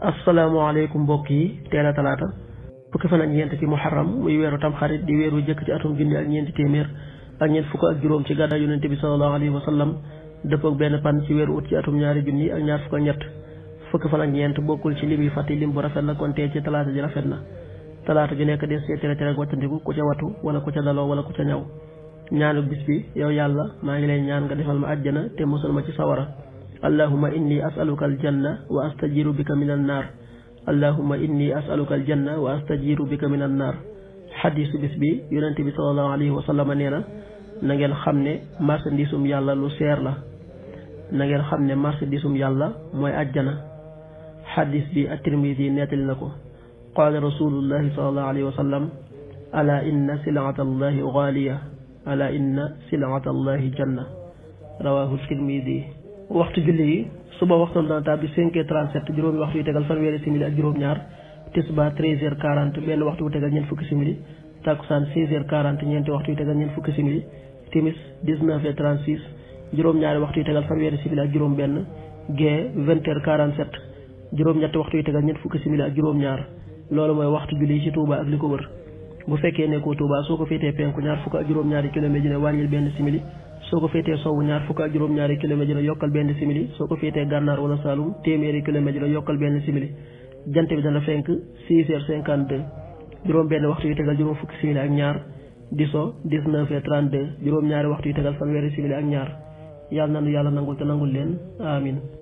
asalaamaaleykum mbokk yi teel a talaata fukki fan ak ñeent ci muharram muy weeru tamxarit di weeru jëkk ci atum junni ak ñeenti téeméer ak ñeent fukk ak juróom ci gàddaa yonente bi sallallahu alayhi wa sallam dëppoog benn pan ci weeru ut ci atum ñaari junni ak ñaar fukk ak ñett fukki fan ak ñeent bokkul ci lim yi fàtte lim bu rafet la kon tee ci talaata ji rafet na talaata ju nekk des cee tere tere ak ku ca watu wala ku ca daloo wala ku ca ñaw ñaanu bis bi yow yàlla maa ngi lay ñaan nga defal ma àjjana te musal ma ci sawara allahuma inni asaluka aljanna wa astajiru bika min annaar allahuma inni asaluka aljanna wa astajiru bika min annaar xadiisu bis bi yonent bi sallallahu alayhi wa sallam nee na na ngeen xam ne marchandisum yàlla lu seer la na ngeen xam ne marchandisum yàlla mooy àjjana xadiis bi at-Tirmidi nettali na ko qaala rasulullahi sallallahu alayhi wa sallam ala inna silata allahi gaaliya ala inna silata allahi janna rawahu tirmidi waxtu julli yi suba waxtoon dana tàbbi 5 heures 37 juróomi waxtu yu tegal fanweeri simili ak juróom-ñaar tisbaar 13 heures 40 benn waxtu bu tegal ñeent fukki simili takkusaan 16 heures 40 ñeenti waxtu yu tegal ñeent fukki simili timis 19 heures 36 juróom-ñaari waxtu yu tegal fanweeri simili simili ak juróom-ñaar loolu mooy waxtu julli yi ci Touba ak li ko wër bu fekkee nekkoo Touba soo ko féetee penku ñaar fukk ak juróom-ñaari kilomètres yi ne wàññil benn simili soo ko féetee sowwu ñaar fukk ak juróom-ñaari kilomètre la yokkal benn simili soo ko féetee gànnaar wala saalum téeméeri kilomètre la yokkal benn simili jant bi dana fenk 6 heures 52 juróom benn waxtu yu tegal juróom fukki simili ak ñaar di so 19 heures 32 juróom-ñaari waxtu yu tegal fanweeri simili ak ñaar yàlla nanu yàlla nangul te nangul leen amin